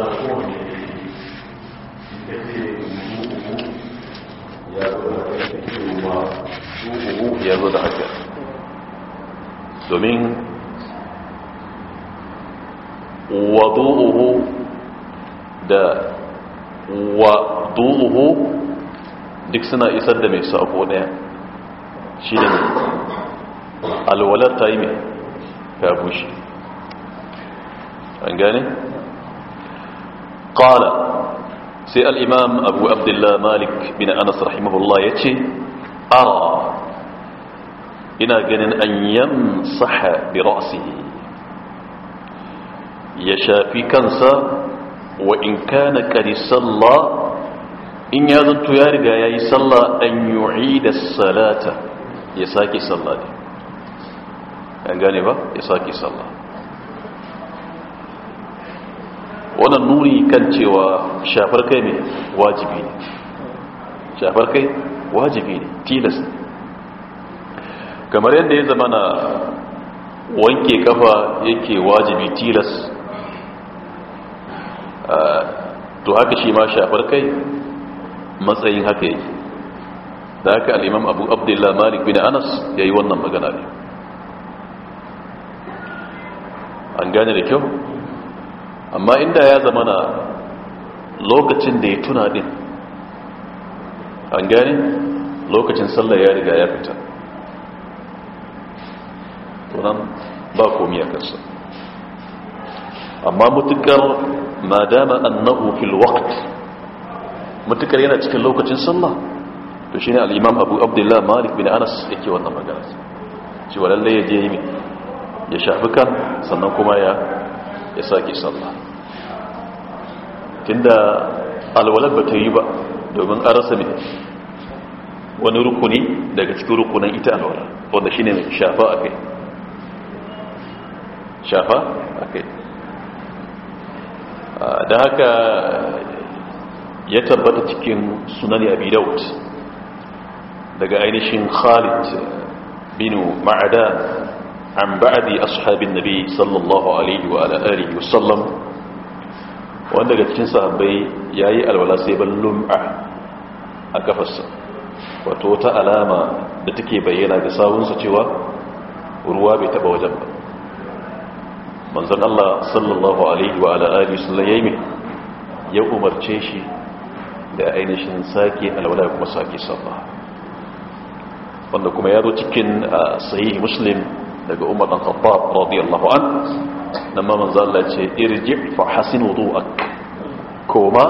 maza ya zo da haka domin wadu'uhu da wadu'uhu duk suna isar da mai sako daya shi ne alwalar ta yi mai ta bushe an gane? قال سي الإمام أبو عبد الله مالك بن أنس رحمه الله يتي أرى إنا أن يمسح برأسه يشا في كنسا وإن كان كرس الله إن يظنت يارجى يا يسلى أن يعيد الصلاة يساكي صلاة أنقاني با يساكي صلاة wannan nuni kan cewa shafar kai ne wajibi ne shafar kai wajibi ne tilas kamar yadda ya zama na wanke kafa yake wajibi tilas to haka shi ma shafar kai matsayin haka yake da haka al'imam abu abdullahi malik bin anas ya yi wannan magana ne an gane da kyau amma inda ya zama na lokacin da ya tuna din an gani lokacin sallah ya riga ya fita tunan ba komi a kansa amma mutukar ma dama annahu fil waqt mutukar yana cikin lokacin sallah to shi ne al’imam abu Abdullahi malik bin anas yake wannan magana cewa lalle ya je yi ya shafi kan sannan kuma ya ya sake sallah tunda alwalar ba ta yi ba domin an rasa ne wani rukuni daga cikin rukunan ita alwala wanda shine mai shafa a kai shafa a kai da haka ya tabbata cikin sunan abi daud daga ainihin khalid bin ma'ada an ba'adi ashabin nabi sallallahu alaihi wa alihi wasallam wanda daga cikin sahabbai ya yi alwala sai ban lum'a a kafarsa wato ta alama da take bayyana ga sawunsa cewa ruwa bai taba wajen ba manzan Allah sallallahu alaihi wa ala'adu sallan ya yi ya umarce shi da ainihin sake alwala kuma sake sabba wanda kuma ya zo cikin ah, sahih muslim daga umar dan khattab radiyallahu an nan ma manzo Allah ce irji fa hasin wudu'ak koma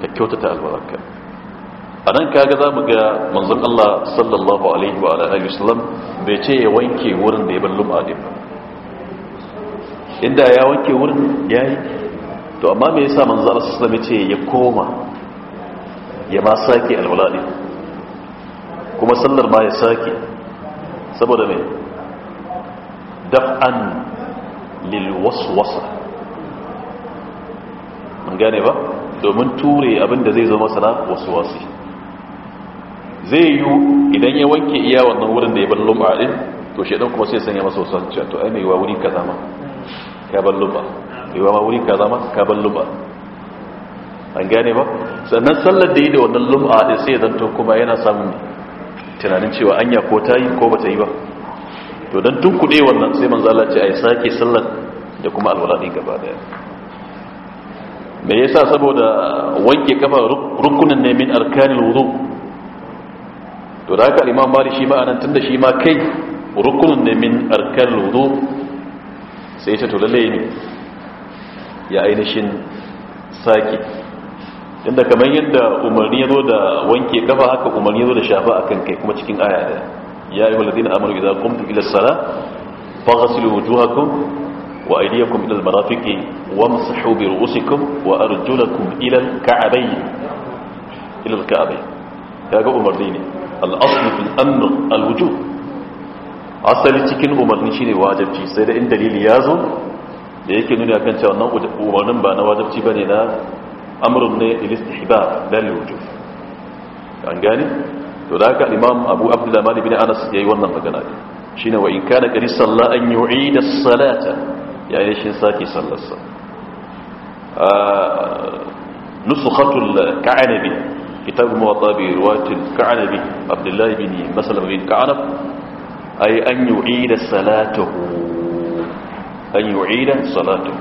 ka kyautata albarka anan kaga zamu ga manzon Allah sallallahu alaihi wa alihi wasallam bai ce ya wanke wurin da ya bar lum'a din inda ya wanke wurin yayi to amma me yasa manzo Allah sallallahu alaihi wasallam ya koma ya ma sake alwala din kuma sallar ma ya sake saboda me dab'an lilwaswasa an gane ba domin ture abinda zai zama sana waswasi zai yi idan ya wanke iya wannan wurin da ya ban lumba din to shaidan kuma sai sanya masa wasu cewa to ai mai wa wuri kaza ma ka ban lumba mai wa wuri kaza ma ka ban lumba an gane ba sannan sallar da yi da wannan lumba din sai zanto kuma yana samun tunanin cewa anya ko ta yi ko ba ta yi ba to don tun kuɗe wannan sai manzo Allah ce a yi sake sallar da kuma alwalaɗi gaba daya me yasa saboda wanke kafa rukunin ne min arkanil wudu to da haka imam bari shi ma anan tunda shi ma kai rukunin ne min arkanil wudu sai ta to ne ya ainihin sake inda kamar yadda umarni ya zo da wanke kafa haka umarni ya zo da shafa akan kai kuma cikin aya daya يا أيها الذين آمنوا إذا قمتم إلى الصلاة فغسلوا وجوهكم وأيديكم إلى المرافق وامسحوا برؤوسكم وأرجلكم إلى الكعبين إلى الكعبين يا أبو عمر الأصل في الأمن الوجوه أصل تكن عمر نشيني واجب في سيدة إن دليل يازم لكن هنا كانت أنه عمر نبان بنينا أمر من الاستحباب لا للوجوه يعني to da haka imam abu abdullah mali bin anas yayi wannan magana ne shine wa in kana qari salla an yu'ida as-salata ya yi shin saki sallarsa nusukhatul ka'anabi kitab muwatabi bi ka'anabi abdullah bin maslam bin ka'anab ay an yu'ida salatahu an yu'ida salatahu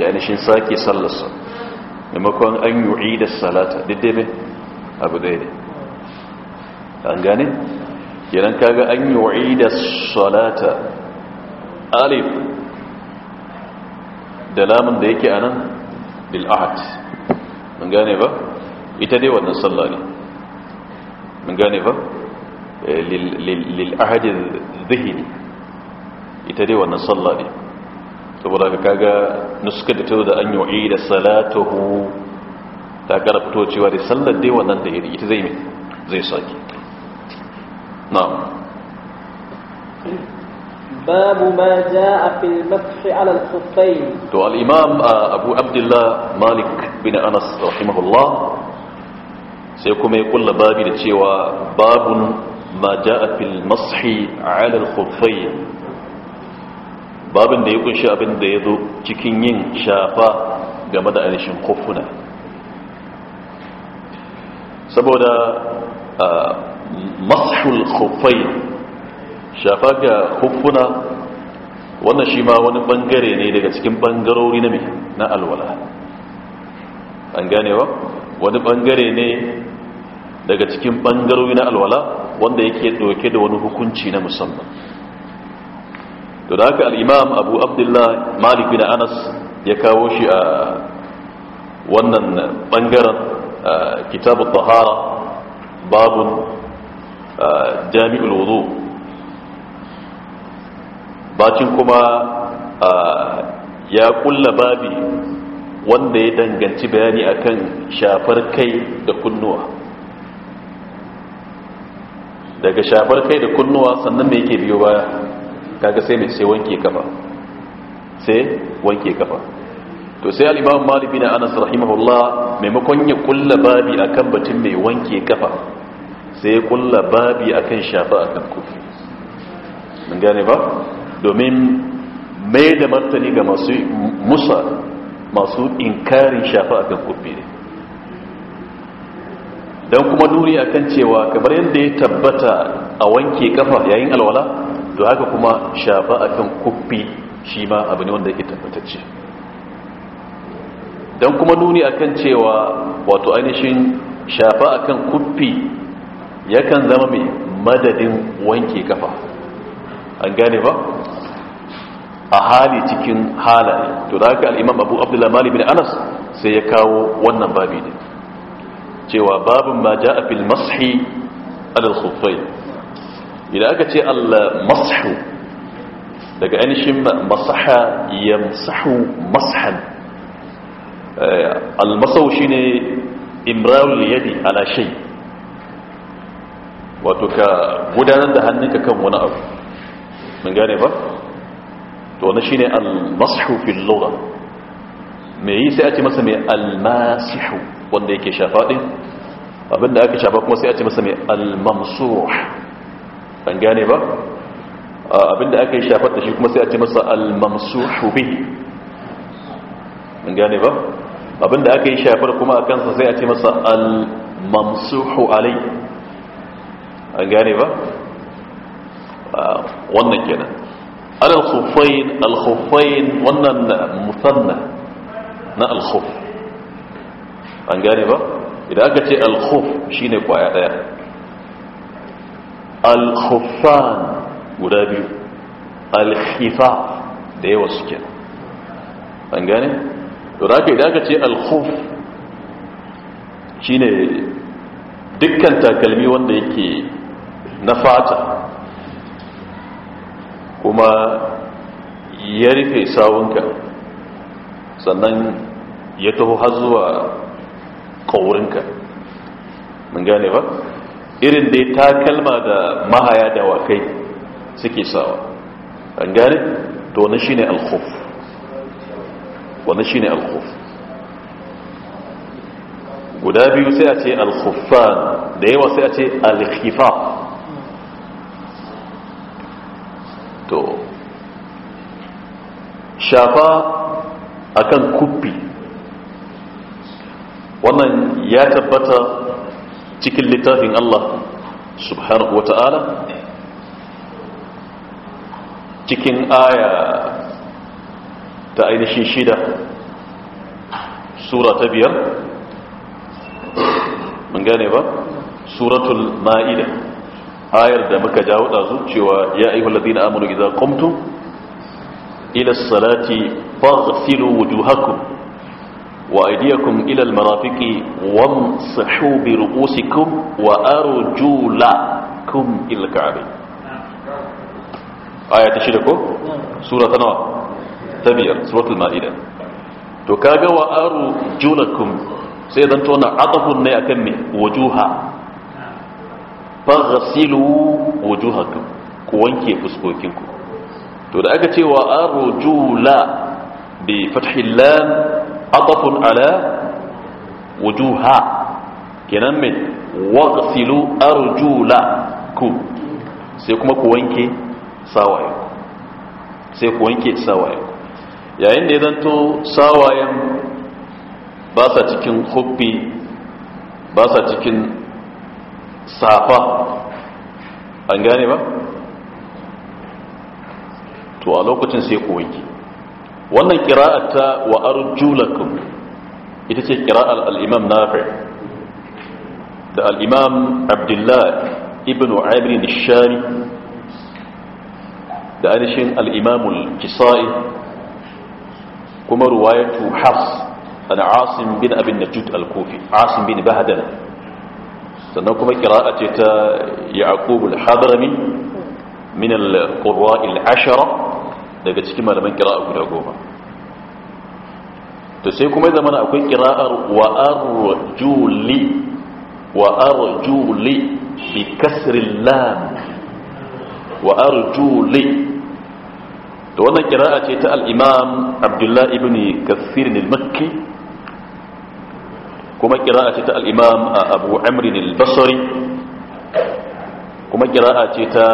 ya yi shin saki sallarsa maimakon an yu'ida salata didde diddebe abu dai an gane kenan kaga an yi wa'ida salata alif da lamun da yake anan bil ahad mun gane ba ita dai wannan sallah ne mun gane ba eh, lil ahad dhihni ita dai wannan sallah ne saboda kaga nuska da tawo da an yi wa'ida salatuhu ta karfato cewa da sallar dai wannan da ita zai mai zai saki نعم باب ما جاء في المسح على الخفين تو الامام ابو عبد الله مالك sai kuma ya kulla babi da cewa babun ma ja a fil mashi alal babin da ya kunshi abinda ya zo cikin yin shafa game da alishin khufuna saboda mashul khuffai shafa ga huffuna wannan shi ma wani bangare ne daga cikin bangarori na na alwala an ganewa wani bangare ne daga cikin bangarori na alwala wanda yake dauke da wani hukunci na musamman to da haka al abu abdullah malik bin anas ya kawo shi a wannan bangaren kitab at-tahara babun jami'ul wudu bacin kuma ya kulla babi wanda ya danganci bayani akan shafar kai da kunnuwa daga shafar kai da kunnuwa sannan me yake biyo baya kaga sai mai sai wanke kafa sai wanke kafa to sai al-imam malik bin anas rahimahullah maimakon ya kulla babi akan batun mai wanke kafa sai ya kulla babi akan shafa akan kufi mun gane ba domin mai da martani ga masu musa masu inkarin shafa akan kufi ne don kuma nuri akan cewa kamar yadda ya tabbata a wanke kafa yayin alwala to haka kuma shafa akan kufi shi ma abu ne wanda ya tabbata ce, don kuma nuni akan cewa wato ainihin shafa akan kufi yakan zama mai madadin wanke kafa an gane ba a hali cikin halaye to da haka al'imam abu abdullahi mali bin anas sai ya kawo wannan babi ne cewa babin ma ja a fil mashi al sufai idan aka ce al-mashu daga ainihin masaha yamsahu mashan eh, al-masau shine imrawul yadi ala shai. wato ka gudanar da hannunka kan wani abu mun gane ba to wani shine al-mashu fil lugha me yi sai a ce masa me al-masihu wanda yake shafa din abinda aka shafa kuma sai a ce masa me al-mamsuh an gane ba abinda aka yi shafar da shi kuma sai a ce masa al-mamsuhu bihi mun gane ba abinda aka yi shafar kuma a kansa sai a ce masa al-mamsuhu alayhi an gane ba ah, wannan kenan alal khuffain al khuffain wannan musanna na al khuf an gane ba idan aka ce al khuf shine kwaya daya al khuffan guda biyu al khifa da yawa suke an gane to da idan aka ce al khuf shine dukkan takalmi wanda yake na fata kuma ya rufe sawunka sannan ya taho har zuwa ƙaurinka mun gane ba irin dai takalma da mahaya da wakai suke sawa an gane to wani shine alkhuf wani shine alkhuf guda biyu sai a ce alkhufan da yawa sai a ce alkhifa to shafa akan kubbi wannan ya tabbata cikin littafin Allah subhanahu wa ta'ala cikin aya ta ainihin shida sura ta biyar mun gane ba suratul ma'ida ayar da muka jawo ɗazu cewa ya ayyuhal ladina amanu idza qumtum ila as-salati faghsilu wujuhakum wa aydiyakum ila al-marafiqi wamsahu bi ru'usikum wa arjulakum ila al-ka'bah aya ta shida ko sura ta nawa ta biyar suratul ma'ida to kaga wa arjulakum sai zanto na atafun ne akan me wujuha faghsilu wujuhakum ku wanke fuskokinku to da aka ce wa arjula bi fathi lam atafun ala wujuha kenan me waghsilu arjula ku sai kuma ku wanke sawaye sai ku wanke sawaye yayin da idan zanto sawayen ba sa cikin hubbi ba sa cikin safa an gane ba to a lokacin sai ku wanki wannan kira'ata wa arjulakum ita ce kira'ar al'imam nafi da al'imam abdullahi ibn amir nishari da ainihin al'imamul kisa'i kuma ruwayatu hafs an asim bin abin najud al-kufi asim bin bahadana sannan kuma a ce ta Yakubu al-hadrami min al-qurra al-ashara daga cikin malaman kira'a guda goma to sai kuma zamana akwai kira wa arjuli wa bi kasri lam wa juli to wannan a ce ta al-imam Abdullahi ibn kathir al-makki kuma kira'a ce ta al-imam abu amrin al-basri kuma kira'a ce ta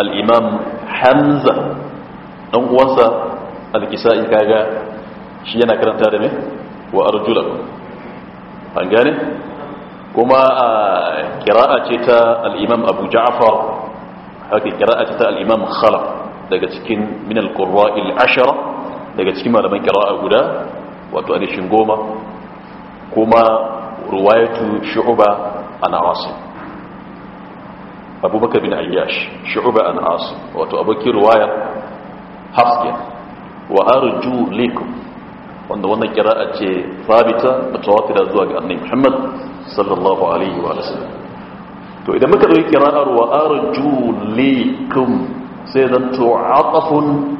al-imam hamza dan uwansa al-kisa'i kaga shi yana karanta da me wa arjulakum an gane kuma kira'a ce ta al abu ja'far haka kira'a ce ta al-imam daga cikin min al-qurra'il ashara daga cikin malaman a guda wato alishin goma kuma ruwayatu shu'uba an asim abubakar bin ayyash shu'uba an asim wato abokin ruwaya haske wa arju likum wanda wannan kira'a ce sabita mutawatira zuwa ga annabi Muhammad sallallahu alaihi wa sallam to idan muka dauki kira'ar wa arju likum sai zan to atafun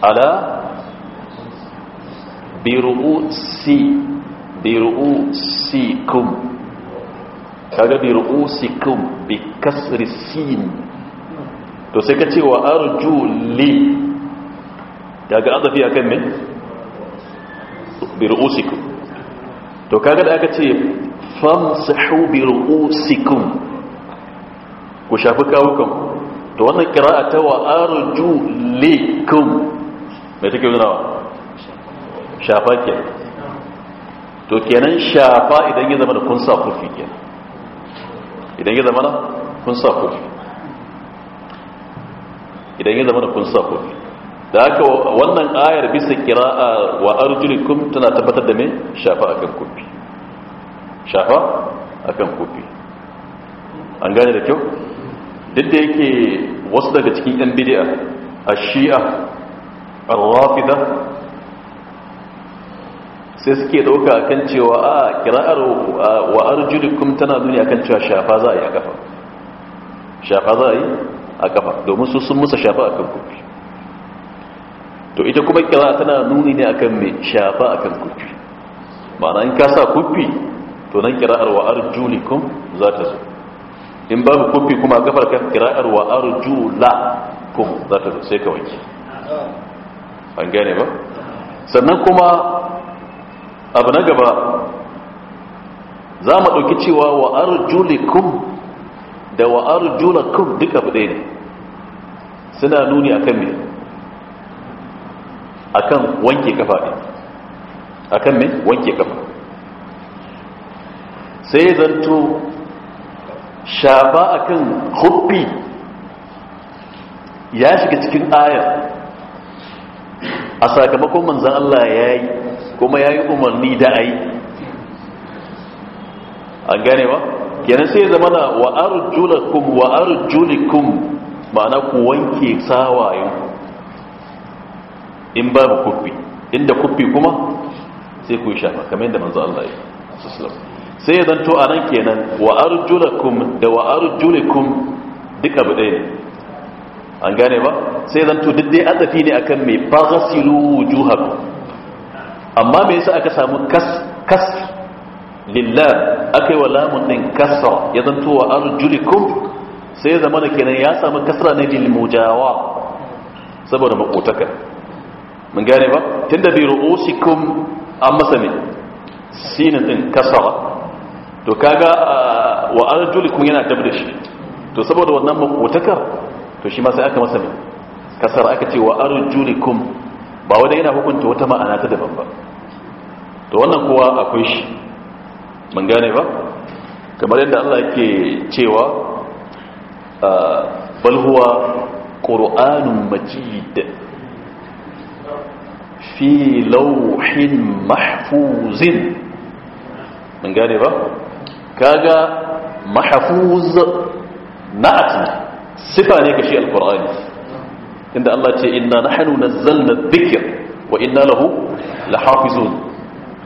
ala bi ru'usi biru'usikum kaga biru'usikum bi kasri sin to sai ka ce wa arju li kaga adafi akan ne biru'usikum to kaga da aka ce famsahu biru'usikum ku shafi kawukan to wannan kira'a ta wa arju likum mai take nuna wa shafa kenan to kenan shafa idan ya zama da kun sa kufi kenan idan ya zama da kun sa kufi idan ya zama da kun sa kufi da haka wannan ayar bisa kira'a wa arjulikum tana tabbatar da me shafa akan kufi shafa akan kufi an gane da kyau duk da yake wasu daga cikin yan bid'a a shi'a al-rafida sai suke dauka kan cewa a kira'ar wa arjulikum tana duniya akan cewa shafa za a yi a kafa shafa za a yi a kafa domin su sun musa shafa akan kufi to ita kuma kira tana nuni ne akan mai shafa akan kufi ma'ana in ka sa kufi to nan kira'ar wa arjulikum za ta zo in babu kufi kuma a kafar kan kira'ar wa arjulakum za ta zo sai ka wanke an gane ba sannan kuma abu na gaba za mu ɗauki cewa wa arjulikum da wa arjulakum duka bude ne suna nuni akan me akan wanke kafa ne akan me wanke kafa sai zanto shafa akan hubbi ya shiga cikin ayar a sakamakon manzan Allah ya yi kuma ya yi umarni da a yi an gane ba kenan sai zama na wa'ar julakun wa'ar julikun ma'ana ku wanke tsawayen in ba mu kufi inda kufi kuma sai ku yi shafa kamar yadda manzo Allah ya sai ya zanto a nan kenan wa'ar julakun da wa'ar julikun duka abu ɗaya ne an gane ba sai zanto duk dai azafi ne akan mai bagasiru wujuhakum amma me yasa aka samu kas lillah akai wa lamun din kasra ya zanto wa arjulikum sai zama da kenan ya samu kasra ne lil mujawa saboda makotaka mun gane ba tunda bi ru'usikum an masa ne sinin din kasra to kaga wa arjulikum yana da shi to saboda wannan makotaka to shi ma sai aka masa ne kasar aka ce wa arjulikum ba wadda yana hukunta wata ma'ana ta daban ba to wannan kowa akwai shi mun gane ba kamar yadda Allah yake cewa ah, balhuwa huwa qur'anun majid fi lawhin mahfuzin mun gane ba kaga mahfuz na'at sifa ne kashi alqur'ani inda Allah ce inna nahnu nazzalna dhikr wa inna lahu lahafizun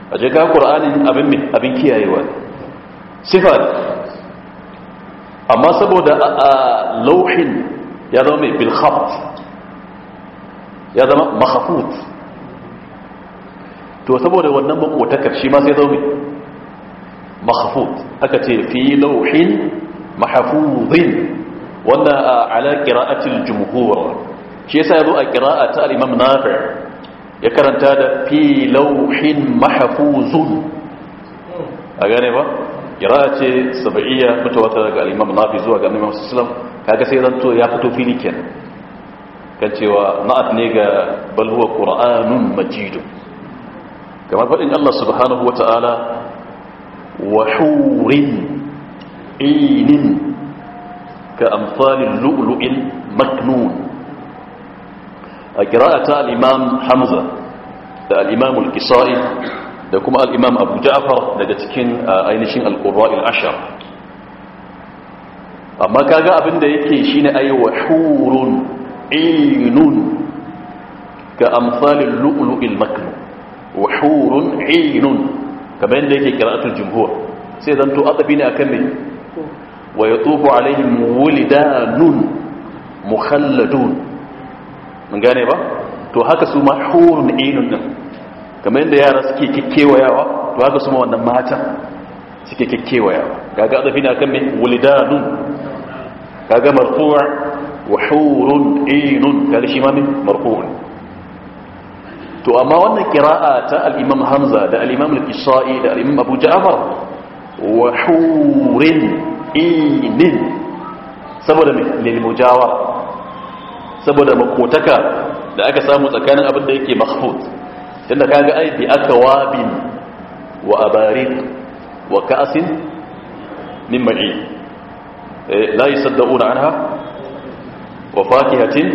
aje ga qur'ani abin me abin kiyayewa sifa amma saboda lauhin ya zama mai bil khaft ya zama makhafut to saboda wannan makotakar shi ma sai zama makhafut aka ce fi lauhin mahfuzin wanda ala qira'atil jumhur shi yasa yazo a qira'a ta al-imam nafi' ya karanta da fi lawhin mahfuzun a gane ba qira'a ce sab'iyya mutawatir daga al-imam nafi' zuwa ga imam sallam kaga sai zanto ya fito fili kenan kan cewa na'at ne ga bal huwa qur'anun majid kamar fadin Allah subhanahu wata'ala wa hurin inin ka amsalil lu'lu'il maknun a kira'ata al'imam hamza da al'imam al da kuma al'imam abu ja'afar daga cikin ainihin al'urwa'il ashar amma kaga abin da yake shi ne ai hurun inun ga amsalin lu'ulu'il maknu wa hurun inun kamar yadda yake kira'atul jumhur sai zanto adabi ne akan ne wa ya tsofa alaihim wulidanun mukhalladun mun gane ba to haka su ma hurun ainun din kamar yadda yara suke kikkewayawa to haka su ma wannan matan suke kikkewayawa kaga adafi na kan me wulidanun kaga marfu'a wa hurun ainun kaga shi ma me marfu'un to amma wannan kira'a ta al-imam hamza da al-imam al-isha'i da al-imam abu ja'far wa hurin inin saboda mai lil mujawar saboda makotaka da aka samu tsakanin abin da yake mahfud tunda kaga ai bi akwabin wa abarid wa ka'sin min ma'i eh, la yusaddauna anha wa fakihatin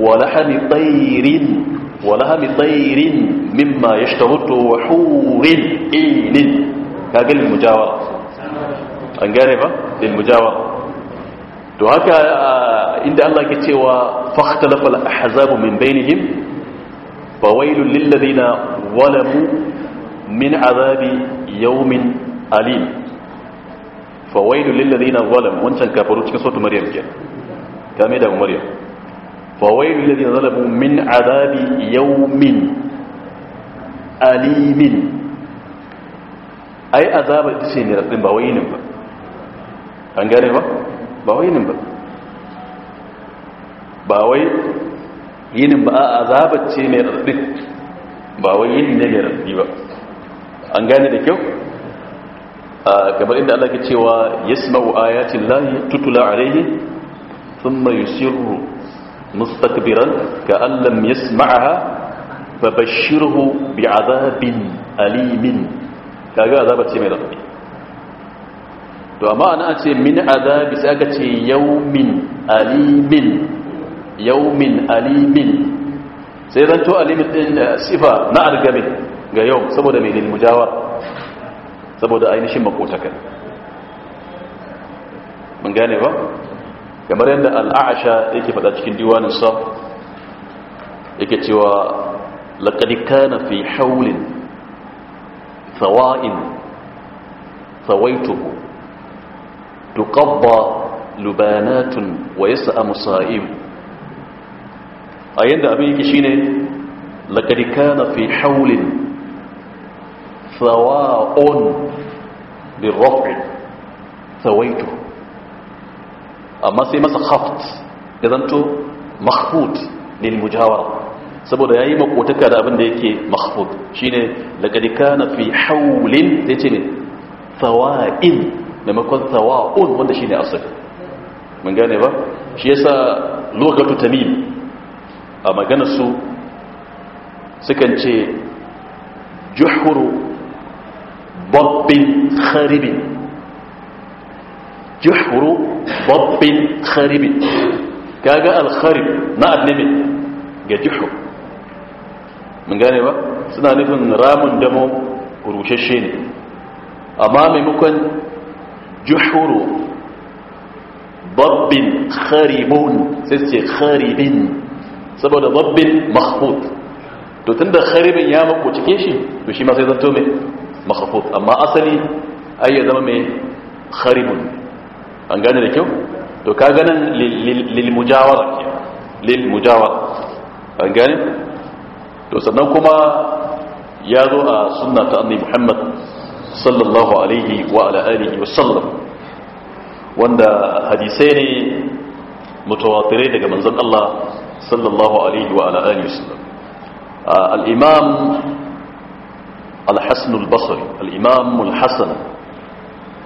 wa lahmi tayrin wa lahmi tayrin mimma yashtahutu wa hurin inin kaga lil mujawara an gane ba lil mujawara to haka inda Allah ke cewa fakhtalafal ahzabu min bainihim lil ladina walamu min azabi yawmin alim lil ladina wancan kafaru cikin sautu maryam ke kame da maryam fawailul ladina zalamu min azabi yawmin alimin ai azaba ce ne ratsin ba wayinin ba an gane ba ba wayinin ba ba wai yinin ba a azabace mai raɗi ba wai yini ne mai raɗi ba an gane da kyau kamar inda Allah ke cewa yasma'u ayatin lahi tutula sun thumma yusirru mustakbiran ka allam yasma'aha babashirhu bi'adabin alimin kaga azabace mai raɗi to amma ana ce min azabi sai aka ce yaumin alimin yaumin alimin sai zanto alimin din eh, sifa na argamin ga yau saboda mai mujawar saboda ainihin makotakan mun gane ba kamar yadda al'asha yake faɗa cikin diwanin sa yake cewa laƙadi kana fi haulin sawa'in sawaituhu tuqabba lubanatun wa yas'a musa'im a yadda abin yake shine laƙari na fi haulin tsawa'on lirrafin tsawaito amma sai masa haft ya zanto mahfud saboda ya yi makotaka da abin da yake mahfud shine lakadika na fi haulin ta ce ne tsawa'in maimakon tsawa'un wanda shine asali mun gane ba shi yasa lokacin tamim a magana su sukan ce juhuru babbin kharibin juhuru babbin kharibin kaga al-kharib na annabi ga juhu mun gane ba suna nufin ramun damo rushashe ne amma maimakon juhuru babbin kharibun sai ce kharibin saboda babbin mahfud to tun da kharibin ya mako cike shi to shi ma sai zanto mai mahfud amma asali ai ya zama mai kharibun an gane da kyau to ka ganin lil mujawara ke lil an gane to sannan kuma ya zo a sunna ta annabi Muhammad sallallahu alaihi wa ala alihi wa sallam wanda hadisai ne mutawatirai daga manzon Allah صلى الله عليه وعلى آله وسلم آه، الإمام الحسن البصري الإمام الحسن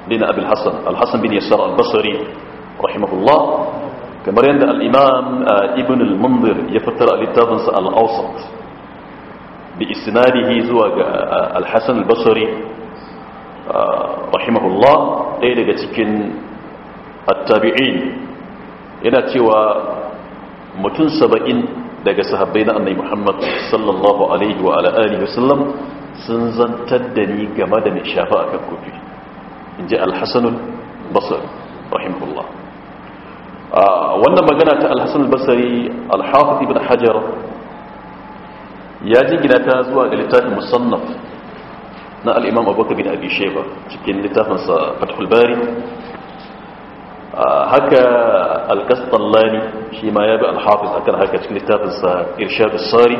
بن أبي الحسن الحسن بن يسار البصري رحمه الله كما عند الإمام آه، ابن المنذر يفتر للتابنس الأوسط بإسناده زواج آه، الحسن البصري رحمه الله إلى التابعين إلى attabi'in mutum saba'in daga sahabbai na annai muhammad sallallahu alaihi wa ala'ari wasallam sun zantar da ni game da mai shafa a kan kofi in ji alhassanul basar rahimullah wannan magana ta alhassanul basari alhafiz ibn hajar ya ji jingina ta zuwa ga littafin musannaf na al'imam abubakar bin abi sheba cikin littafinsa fathul bari haka alkastallani shi ma ya bi alhafiz akan haka cikin littafinsa irshadu sari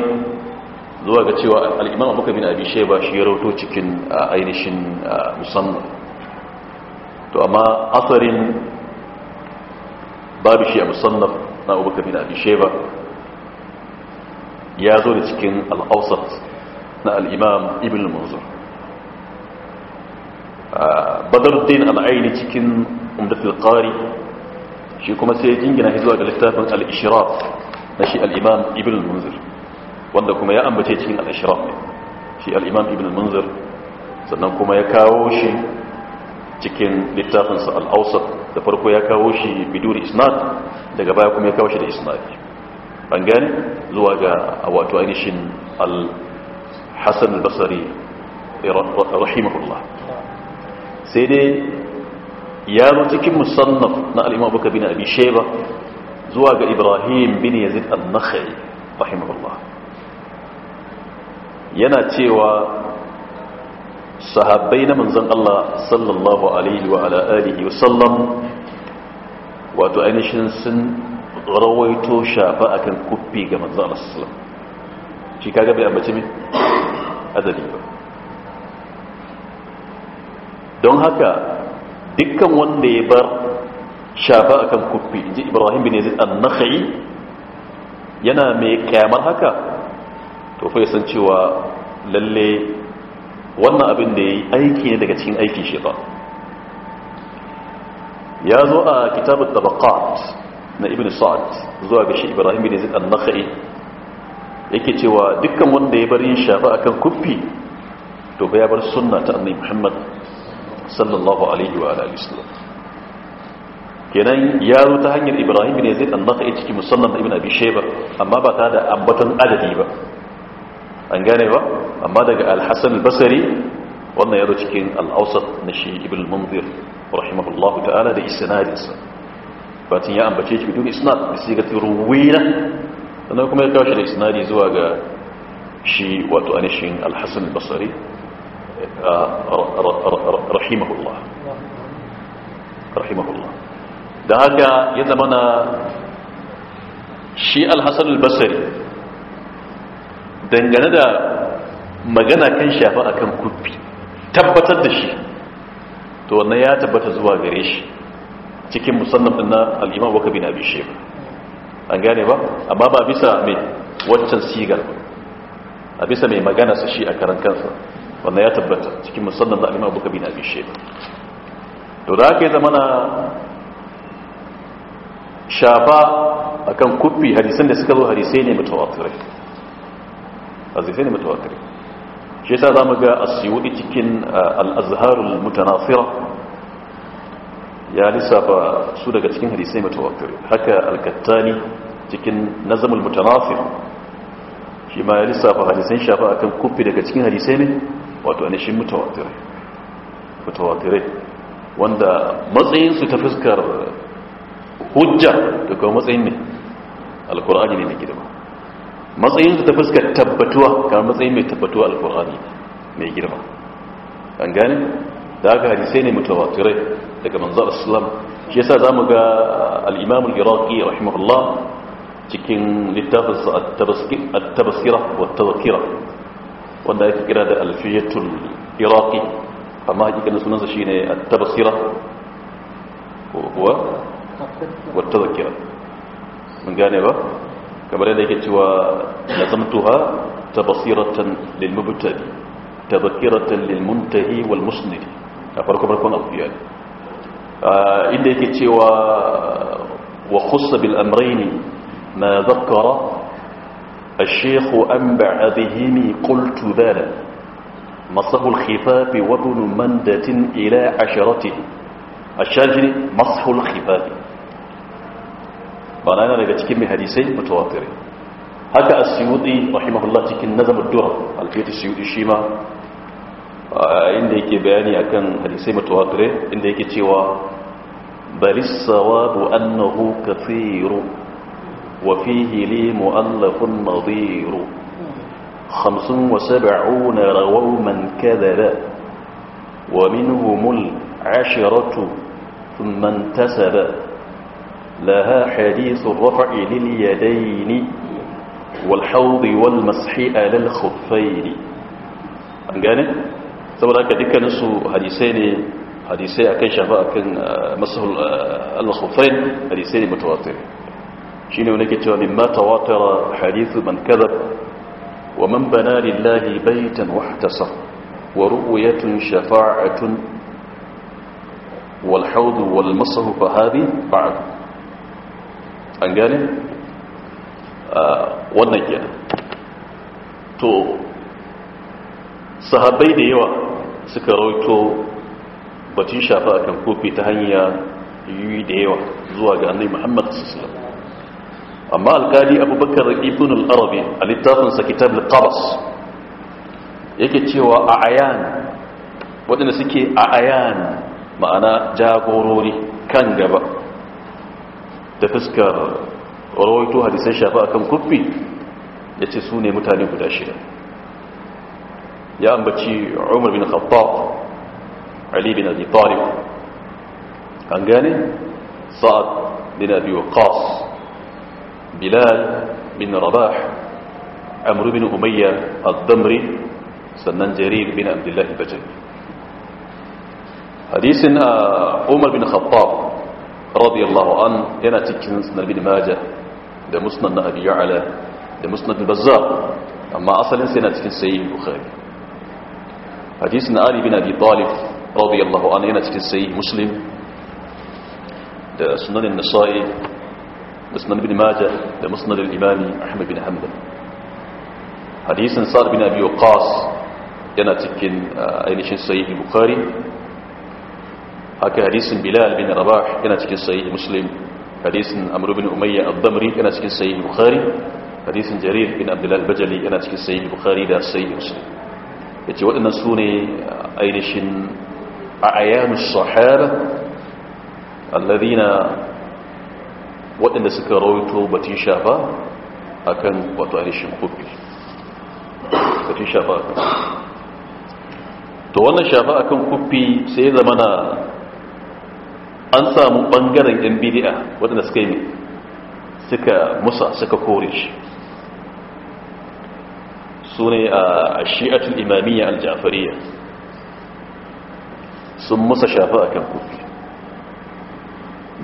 zuwa ga cewa al'imam abuka bin abi sheba shi ya rauto cikin ainihin musamman to amma asarin babu shi a musamman na abuka bin abi sheba ya zo da cikin al'ausat na al'imam ibn munzur badar din al'aini cikin umdatul qari shi kuma sai ya jingina shi zuwa ga littafin al-ishraf na shi al-imam ibn al-munzir wanda kuma ya ambace cikin al-ishraf ne shi al-imam ibn al-munzir sannan kuma ya kawo shi cikin littafin sa al-awsat da farko ya kawo shi biduri isnad daga baya kuma ya kawo shi da isnad an gane zuwa ga wato ainihin al-hasan al-basri rahimahullah sai dai ya zo cikin musannaf na al'imam baka bin abi sheba zuwa ga ibrahim bin yazid al-nakhai rahimahullah yana cewa sahabbai na manzan Allah sallallahu alaihi wa ala wa sallam wato ainihin sun rawaito shafa akan kuffi ga manzan Allah sallam shi kaga bai ambaci min adali ba don haka dukkan wanda ya bar shafa akan kuffi inji ibrahim bin yazid an-nakhai yana mai kyamar haka to fa san cewa lalle wannan abin da yayi aiki ne daga cikin aikin ba. ya zo a kitabut tabaqat na ibn sa'd zuwa ga shi ibrahim bin yazid an-nakhai yake cewa dukkan wanda ya bar yin shafa akan kuffi to ba ya bar sunna ta annabi muhammad sallallahu alaihi wa alihi wasallam kenan ya zo ta hanyar ibrahim ne zai annaka ya ciki musallam da ibn abi shayba amma ba ta da ambaton adadi ba an gane ba amma daga al-hasan al-basri wannan yaro cikin al-awsat na shi ibn al-munzir rahimahullahu ta'ala da isnadinsa batin ya ambace shi bidon isnad da ga ruwina sannan kuma ya kawo shi da isnadi zuwa ga shi wato anishin al-hasan al-basri rahimahullah rahimahullah da haka ya zama na shi alhassan al-Basri dangane da magana kan shafa akan kufi tabbatar da shi to wannan ya tabbata zuwa gare shi cikin musamman din na al'imam waka bin abi sheba an gane ba amma ba bisa mai waccan sigar a bisa mai magana su shi a karan kansa Wannan ya tabbata cikin musamman da alimabu kabi na bishe to da aka yi zamana shafa a kan kufi hadisan da suka zo hadisai ne mutawatirai hadisai ne mutawatirai shi yasa za mu ga asiyudi cikin uh, al'azharul mutanasira ya lissafa su daga cikin hadisai mutawatirai haka alkattani cikin nazamul mutanasir shi ma ya lissafa hadisan shafa akan kufi daga cikin hadisai ne wato ne shi mutawatir mutawatir wanda matsayin su ta fuskar hujja da kuma matsayin ne alqur'ani ne na girma su ta fuskar tabbatuwa kamar matsayin mai tabbatuwa alqur'ani ne girma an gane da ga hadisi ne mutawatir daga manzar sallam shi yasa zamu ga al-imam al-iraqi rahimahullah cikin littafin littafinsa at-tabaskira wa tazkira wanda yake kira da alfiyatul iraqi amma hakikanin sa shine at-tabsira ko kuwa wata tadhkira mun gane ba kamar yadda yake cewa nazamtuha tabsiratan lilmubtadi tadhkiratan lilmuntahi walmusnid a farko farkon alfiya inda yake cewa wa khussa bil amrayn ma dhakara الشيخ أنبع بهم قلت ذلك مصح الخفاف وابن مندة إلى عشرته الشاجري مصح الخفاف بأن أنا لقد كم حديثين متواترين هكا السيوطي رحمه الله تكن نظم الدرة الفيت السيوطي الشيما آه، عندك بياني أكن هديثين متواترين عندك تيوى بل الصواب أنه كثير وفيه لي مؤلف نظير خمس وسبعون رووا من كذب ومنهم العشرة ثم انتسب لها حديث الرفع لليدين والحوض والمسح على الخفين أنجاني؟ saboda haka dukkaninsu hadisai ne hadisai akan shafa akan masu al-khufain hadisai ne mutuwatai shine wani ke cewa mimma tawatara hadithu man kadhab wa man bana lillahi baytan wahtasar wa ru'yatun shafa'atun wal hawd wal masahu fa hadi ba'd an gane ah, wannan kenan to sahabbai da yawa suka rawaito batun shafa kan kofi ta hanya yi da yawa zuwa ga annabi Muhammad sallallahu alaihi wasallam amma alkali abubakar ibn al-arabi a littafinsa kitab al-qabas yake cewa a ayan waɗanda suke a ayan ma'ana jagorori kan gaba ta fuskar rawaito hadisai shafa akan kuffi ya ce su ne mutane guda shida ya ambaci umar bin khattab ali bin abi talib an gane sa'ad bin abi waqas بلال بن رباح عمرو بن أمية الضمري سنان جرير بن عبد الله البجل حديث آه، عمر بن خطاب رضي الله عنه هنا تكين سنان بن ماجه ده مسنان أبي يعلى ده مسنان البزار أما أصل سنة تكين سيئ بخاري حديث آل آه، بن أبي طالب رضي الله عنه هنا تكين سيئ مسلم ده سنان النصائي مسند بن ماجه لمسند الإمام أحمد بن حمد حديث صار بن أبي وقاص ينا تكين أيليش آه، صحيح البخاري هكا حديث بلال بن رباح ينا تكين صحيح مسلم حديث أمر بن أمية الضمري ينا تكين صحيح البخاري حديث جرير بن عبد الله البجلي ينا تكين صحيح البخاري دا صحيح مسلم يتي وقتنا سوني آه، أيليش أعيان الصحابة الذين waɗanda suka rawaito batun shafa a kan wato ainihin kofi batisha ba to wannan shafa a kan kofi sai zama na an samu ɓangaren yan bidiya waɗanda suka yi suka musa suka kore shi su ne a shi'atul imamiyya al-jafariya sun musa shafa a kan kofi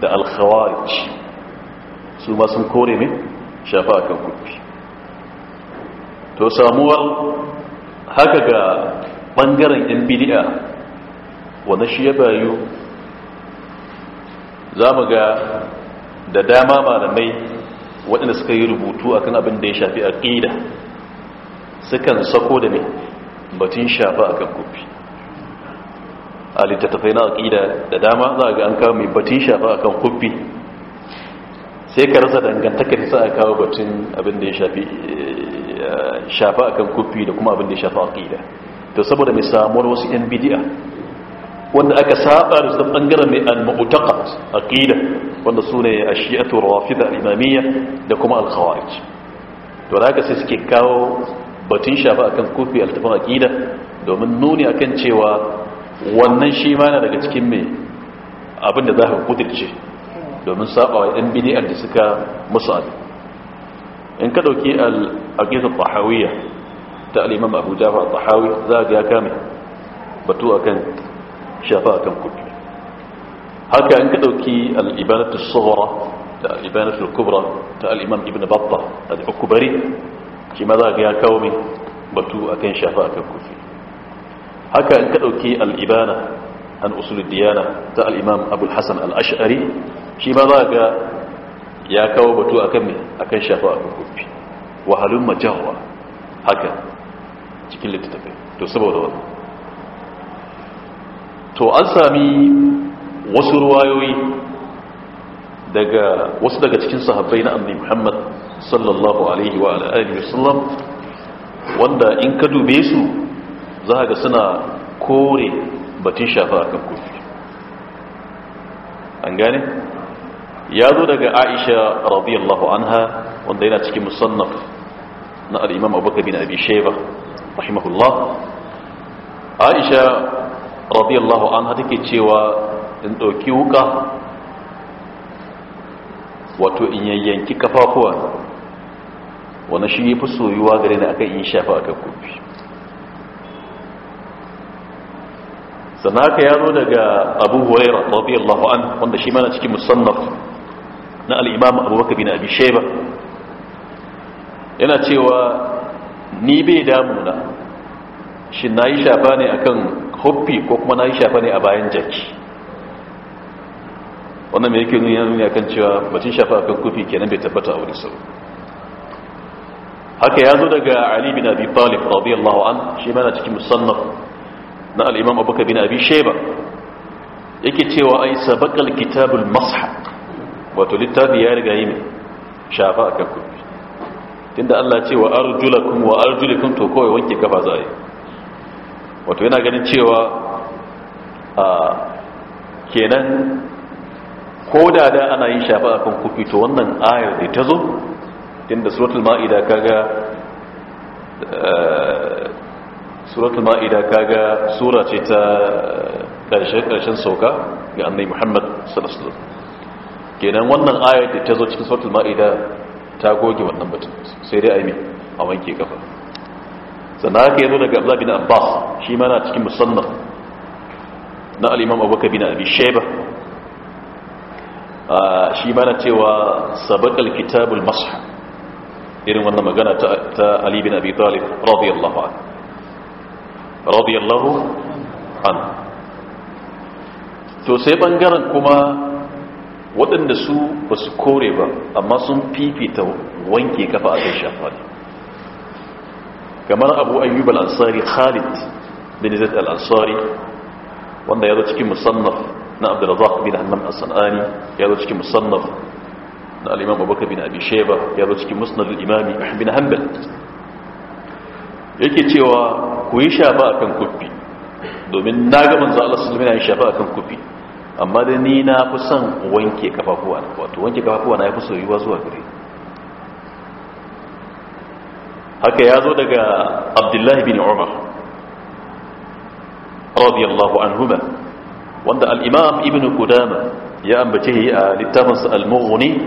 da al-khawarij su ma sun kore ne shafa a kan kufi to samuwar haka ga ɓangaren yan bidi'a wanda shi ya bayu za mu ga da dama malamai waɗanda suka yi rubutu akan abin da ya shafi aƙida sukan sako da mai batun shafa a kan kufi a littattafai na aƙida da dama za a ga an kawo mai batun shafa a kan kufi sai ka rasa dangantaka da a kawo batun abin da ya shafi eh, shafa akan kufi da kuma abin da ya shafi aqida to saboda mai samuwar wasu yan bidi'a wanda aka saba da su bangaren mai al-mu'taqad aqida wanda su ne ash-shi'atu rafida al-imamiyya da kuma al-khawarij to da sai suke kawo batun shafa akan kufi al-tafan aqida domin nuni akan cewa wannan shi ma na daga cikin mai abin da za ka kudirce domin sabawa yan bid'ar da suka musu abu in ka dauki al-aqidah al tahawiyya ta al-imam Abu Ja'far al tahawi za ga ya kame batu akan shafa akan kudi haka in ka dauki al-ibanatu as-sughra ta al-ibanatu al-kubra ta al-imam Ibn Battah al kubari shi ma za ga ya kawo mai batu akan shafa akan kudi haka in ka dauki al-ibana an usul diyana ta al-imam Abu al-Hasan al-Ash'ari shi ma za ga ya kawo batu a kan mai a kan shafa a kan kofi wahalun majawa haka cikin littattafai to saboda wani to an sami wasu ruwayoyi daga wasu daga cikin sahabbai na annabi Muhammad sallallahu alaihi wa alihi wasallam wanda in ka dube su za ga suna kore batun shafa akan kofi an gane ya zo daga aisha radiyallahu anha wanda yana cikin musannaf na al'imam abubakar bin abi sheba rahimahullah aisha radiyallahu anha take cewa in ɗauki wuka wato in yayyanki kafafuwa wani shi yi fi soyuwa gare ni akan in shafa a kofi sannan haka ya zo daga ya huraira radiyallahu an wanda shi mana cikin musannaf na al'imam abubakar bin abi shaiba yana cewa ni bai damuna shi na yi shafa ne akan hoppi ko kuma na yi shafa ne a bayan jaki wannan mai yake nuna ya kan cewa bacin shafa akan kufi kenan bai tabbata a wuri sau haka ya zo daga ali bin abi talib radiyallahu an shi mana cikin musannaf na al'imam abubakar bin abi shaiba yake cewa ai sabakal kitabul mashab wato littafi ya riga yi ne shafa a kanku tunda Allah ce wa arjulakum wa arjulikum to kawai wanke kafa za yi wato yana ganin cewa a kenan ko da da ana yin shafa a kan to wannan ayar da ta zo tunda suratul ma'ida kaga eh, suratul ma'ida kaga sura ce ta ƙarshen sauka ga annai muhammad sallallahu alaihi wasallam kenan wannan ayar da ta zo cikin sautul ma'ida ta goge wannan batun sai dai aimi a wanke kafa sannan haka yazo daga abdullahi bin abbas shi mana cikin musamman na al-imam abubakar bin abi shayba ah, shi mana cewa sabaqal kitabul masah irin wannan magana ta ali bin abi talib radiyallahu anhu radiyallahu an to sai bangaren kuma waɗanda su ba su kore ba amma sun fifita wanke kafa a kan shafa ne kamar abu ayyub al-ansari khalid bin zaid al-ansari wanda ya zo cikin musannaf na abdulrazak bin hannam as-sanani ya zo cikin musannaf na al-imam abubakar bin abi ya zo cikin musnad Imami, imam bin hanbal yake cewa ku yi shafa a kan kufi domin na ga manzo Allah sallallahu alaihi wasallam yana shafa akan kufi amma da ni na fi son wanke kafafuwa wato wanke kafafuwa na ya fi soyuwa zuwa gare haka ya zo daga abdullahi bin umar radiyallahu anhuma wanda al-imam ibn qudama ya ambace a littafinsa al-mughni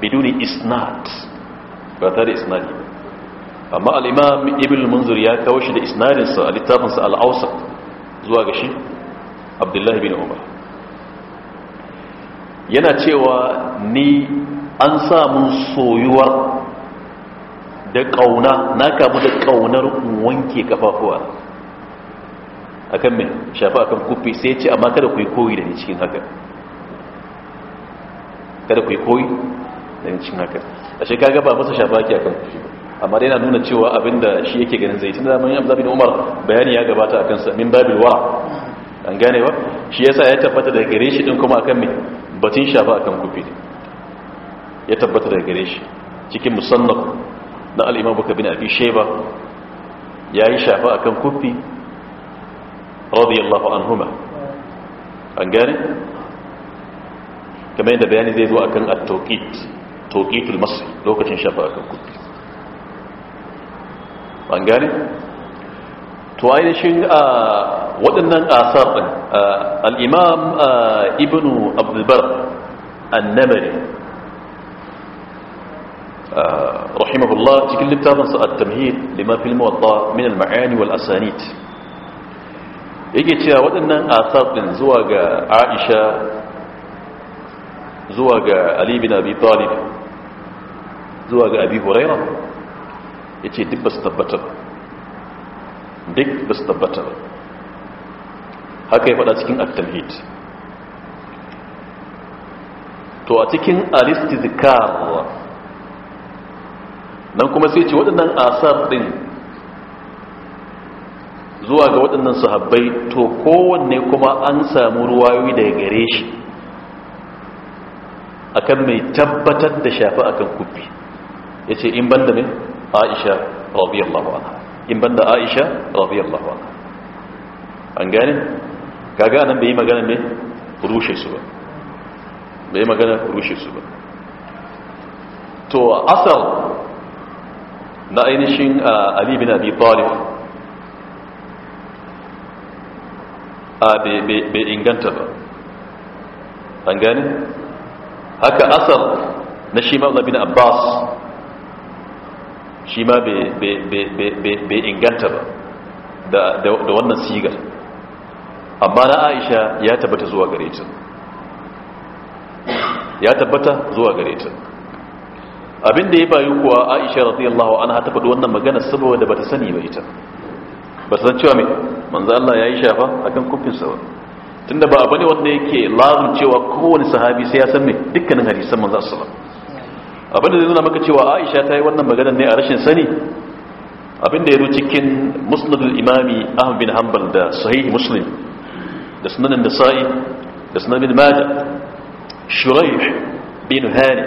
biduni isnad ba tare isnadi amma al-imam ibn munzir ya kawo shi da isnadinsa a littafinsa al-awsat zuwa gashi abdullahi bin umar yana cewa ni an samun soyuwa da ƙauna na kamu da ƙaunar wanke kafafuwa akan mai shafa akan kufi sai ce amma kada ku yi koyi da ni cikin haka kada ku yi koyi da ni cikin haka a shekaga ba masa shafa ake akan kufi amma dai na nuna cewa abinda shi yake ganin zai tunda zaman abdullahi da umar bayani ya gabata akan sa min babil wa an gane ba shi yasa ya tabbata da gare shi din kuma akan mai batun shafa akan kufi ya tabbata daga gare shi cikin musannaf na al'imam baka bin abi sheba ya yi shafa akan kufi radiyallahu anhuma an gane kamar yadda bayani zai zo akan at-tawqit tawqitul masri lokacin shafa akan kufi an gane to ainihin waɗannan asar ɗin al'imam ibnu abdulbar annamari rahimahullah cikin littafinsa a tamhir lima filmi wata min al-ma'ani wal asanit yake cewa waɗannan asar ɗin zuwa ga aisha zuwa ga ali bin abi talib zuwa ga abi huraira yace duk ba su tabbatar duk ba su tabbata ba haka ya faɗa cikin at to a cikin aristizikawa nan kuma sai ce waɗannan asar ɗin zuwa ga waɗannan sahabbai to kowanne kuma an samu ruwayoyi daga gare shi akan mai tabbatar da shafi akan ya ce in banda min Aisha yallahu anha in banda aisha radiyallahu anha an gane kaga nan bai magana ne rushe su ba bai magana rushe su ba to asal na ainihin ali bin abi talib a bai inganta ba an gane haka asal na shi ma'ula bin abbas shi ma bai inganta ba da wannan sigar amma na aisha ya tabbata zuwa gare ta ya tabbata zuwa gare ta abinda ya bayu kuwa aisha radiyallahu an ha tabbata wannan magana saboda bata sani ba ita ba san cewa mai manzo Allah yi shafa akan kufin sa tunda ba abane wanda yake lazim cewa kowane sahabi sai ya san me dukkanin hadisan manzo sallallahu abin da zai nuna maka cewa aisha ta yi wannan maganar ne a rashin sani abin da ya zo cikin musnadul imami ahmad bin hanbal da sahihi muslim da sunanin da sa'i da sunanin mada shuraih bin hani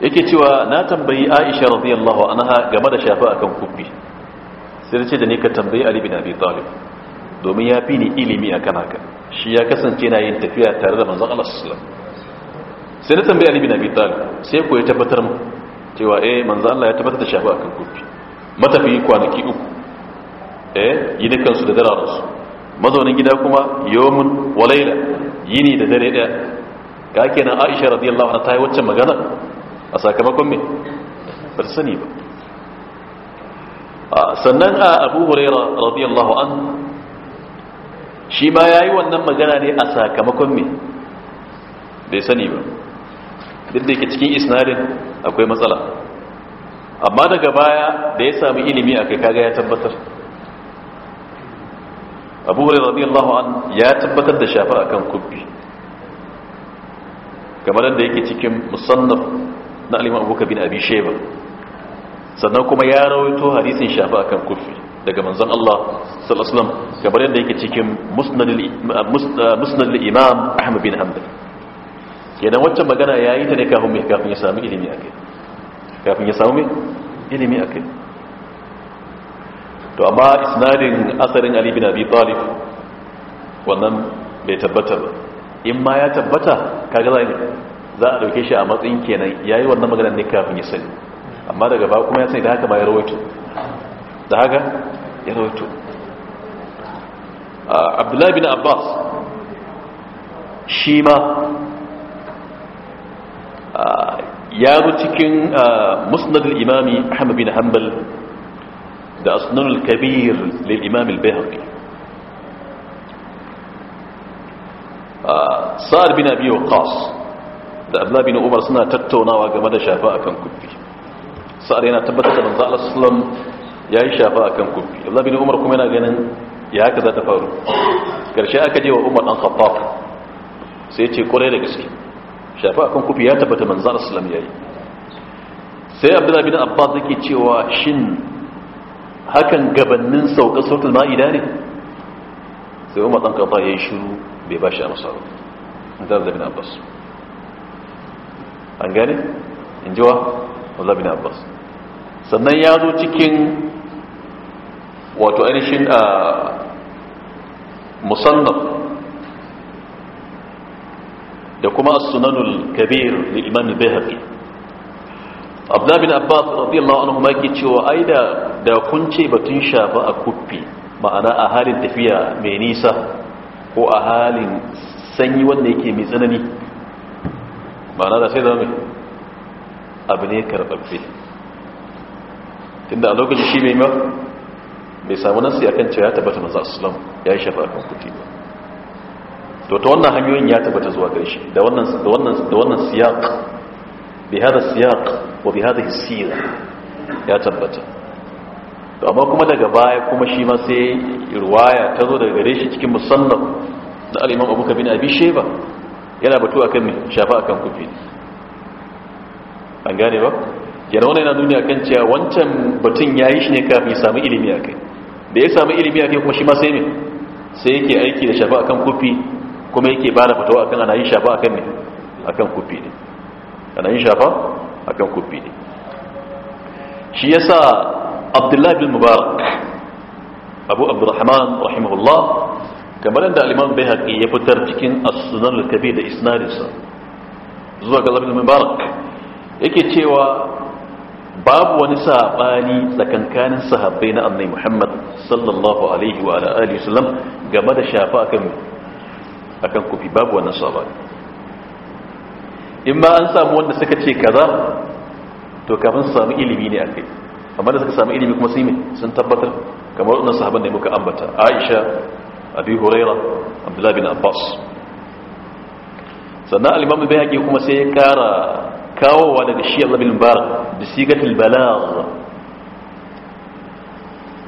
yake cewa na tambayi aisha radiyallahu anha game da shafa akan kubbi sai ce da ni ka tambayi ali bin abi talib domin ya fi ni ilimi akan haka shi ya kasance na yin tafiya tare da manzon Allah sai na tambaya Ali bin sai ko ya tabbatar mu cewa eh manzo Allah ya tabbatar da shafa akan kofi matafi kwanaki uku eh yi dukan su da dararar su mazaunin gida kuma yawmun wa layla yini da dare daya ga kenan Aisha radiyallahu anha ta yi wacce magana a sakamakon me ta sani ba sannan a Abu Hurairah radiyallahu anhu shi ma ya yi wannan magana ne a sakamakon me bai sani ba duk da yake cikin isnadin akwai matsala amma daga baya da ya sami ilimi a kai kaga ya tabbatar abu wurin radiyallahu an ya tabbatar da shafa akan kubbi kamar da yake cikin musannaf na aliman abuka bin abi sheba sannan kuma ya rawaito hadisin shafa akan kubbi daga manzan Allah sallallahu alaihi wasallam kamar yadda yake cikin musnad al-imam Ahmad bin Hanbal kenan waccan magana ya yi ta ne kafin kafin ya sami ilimi a kai kafin ya sami ilimi a kai to amma isnadin asarin ali bin abi talib wannan bai tabbata ba in ma ya tabbata kaga za za a dauke shi a matsayin kenan ya yi wannan magana ne kafin ya sani amma daga ba kuma ya sani da haka ba ya rawaito da haka ya rawaito ah, abdullahi bin abbas shi ma ya zo cikin al imami ahmad bin hanbal da asnan al kabir lil imam al-bayhaqi sa'ad bin abi waqas da abdullah bin umar suna tattaunawa game da shafa akan kuffi sa'ad yana tabbatar da manzo Allah sallallahu alaihi shafa akan kuffi abdullah bin umar kuma yana ganin ya haka za ta faru karshe aka je wa umar dan khattab sai ya ce kore da gaske shafa akan kufi ya tabbata manzan islam ya yi sai abdullahi bin abbas ke cewa shin hakan gabannin sauka sautul ma'ida ne sai umar ɗan kafa ya yi shiru bai ba shi a masarar zan na abbas an gane in jiwa wallah na abbas sannan ya zo cikin wato ainihin a ah, musannaf da kuma as-sunanul kabir li imam al-bayhaqi abdullah bin abbas radiyallahu anhu ma yake cewa ai da kun ce batun shafa a kuffi ma'ana a halin tafiya mai nisa ko a halin sanyi wanda yake mai tsanani ma'ana da sai da mai abu ne karɓaɓɓe tunda a lokacin shi mai ma bai samu nasi akan cewa ya tabbata manzo aslam ya yi shafa a kan kuti ba to ta wannan hanyoyin ya tabbata zuwa gare shi da wannan da wannan da wannan siyaq bi hada siyaq wa bi hada sira ya tabbata to amma kuma daga baya kuma shi ma sai riwaya ta zo daga gare shi cikin musannaf na al-imam Abu Kabir Abi sheba yana batu akan me shafa akan kufi an gane ba yana wannan yana nuni akan cewa wancan batun yayi shi ne kafin ya samu ilimi akai da ya samu ilimi akai kuma shi ma sai me sai yake aiki da shafa akan kufi kuma yake bada fatawa akan ana yin shafa akan ne akan kufi ne ana yin shafa akan kufi ne shi yasa abdullahi bin mubarak abu abdurrahman rahimahullah kamar da al bai bayhaqi ya fitar cikin as-sunan al-kabir da isnadinsa zuwa ga ibn mubarak yake cewa babu wani sabani tsakankanin sahabbai na annabi muhammad sallallahu alaihi wa alihi wasallam game da shafa akan akan kufi babu wannan sabani in ma an samu wanda suka ce kaza to kafin su samu ilimi ne a kai? amma da suka samu ilimi kuma su yi sun tabbatar kamar wadannan sahaban da muka ambata Aisha Abi Huraira Abdullahi bin Abbas sannan al-Imam Bayhaqi kuma sai ya kara kawowa daga shi Allah bin Barak bi sigatil balagh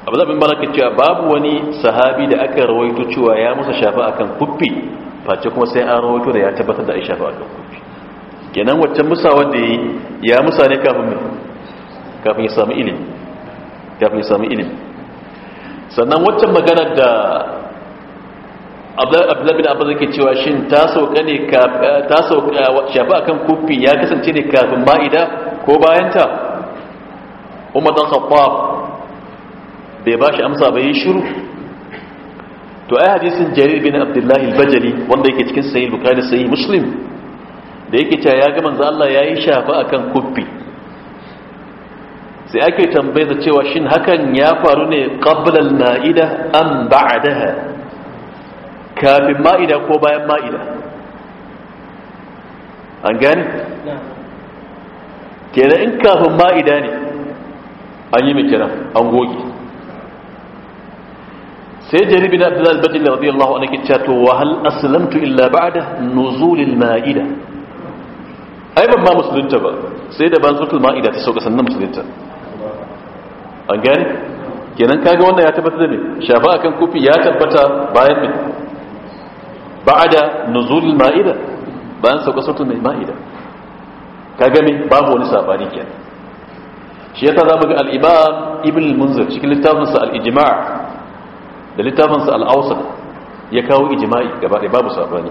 abu zaɓin baraka cewa babu wani sahabi da aka rawaito cewa ya musa shafa akan kuffi face kuma sai an rawaito da ya tabbatar da aisha ba a kan kofi kenan waccan musa wanda ya ya musa ne kafin ya samu ilimi kafin ya samu ilimi sannan waccan maganar da abdullabin abin ke cewa shin ta sauka ne ta sauka shafi akan kofi ya kasance ne kafin ma'ida ko bayanta umar dan khattab bai ba shi amsa bai yi shiru to ai hadisin jarir bin abdullahi al-bajali wanda yake cikin sahih bukhari sahih muslim da yake cewa ya ga manzo Allah yayi shafa akan kuffi sai ake tambayar cewa shin hakan ya faru ne qabla al-ma'ida am ba'daha kafin ma'ida ko bayan ma'ida an gane kenan in kafin ma'ida ne an yi mikira an goge sai jaribi da abdullahi al-badil radiyallahu anhu ke cewa to wa hal aslamtu illa ba'da nuzul al-ma'ida ai ban ma musulunta ba sai da ban zutul ma'ida ta sauka sannan musulunta an gane kenan kaga wannan ya tabbata da me shafa akan kufi ya tabbata bayan me ba'da nuzul al-ma'ida bayan sauka sautul ma'ida kaga me babu wani sabani kenan shi yasa zamu ga al ibn al-munzir cikin littafinsa al-ijma' da littafinsa al'ausar ya kawo ijima'i gaba ɗaya babu sabani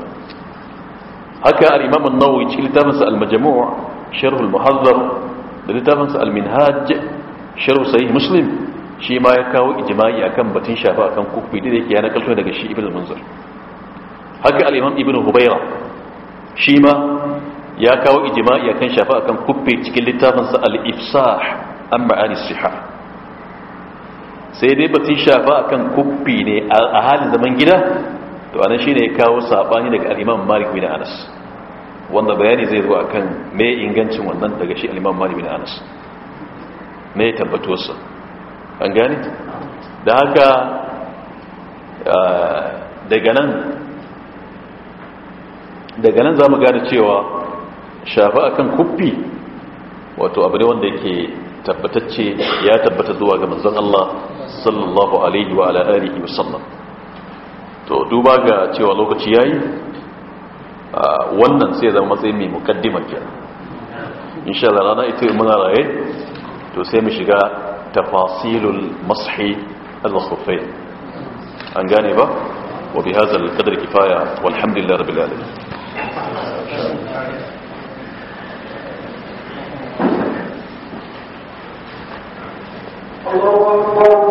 haka al-imam an-nawawi cikin littafinsa al majamuwa Sharhul al da littafinsa al-minhaj sharh sahih muslim shi ma ya kawo ijima'i akan batun shafa a kan kufi da yake ya nakalto daga shi ibnu munzir haka al-imam ibnu shi ma ya kawo ijima'i akan shafa a kan kufi cikin littafinsa al-ifsah an ma'ani sihah sai dai su shafa a kan kuffi ne a halin zaman gida to anan shine ya kawo sabani daga aliman Malik bin Anas wanda bayani zai zo kan me ingancin wannan daga shi aliman Malik bin Anas me tabbatuwarsa an gane da haka daga nan daga nan za mu gada cewa shafa a kan kuffi wato abu ne wanda yake tabbatacce ya tabbata zuwa ga manzon Allah sallallahu alaihi wa ala alihi wasallam to duba ga cewa lokaci yayi wannan sai zama matsayi mai mukaddima ke insha Allah rana ita muna raye to sai mu shiga tafasilul mashi al-khuffayn an gane ba wa bi hadha al-qadr kifaya walhamdulillahi rabbil alamin Gracias.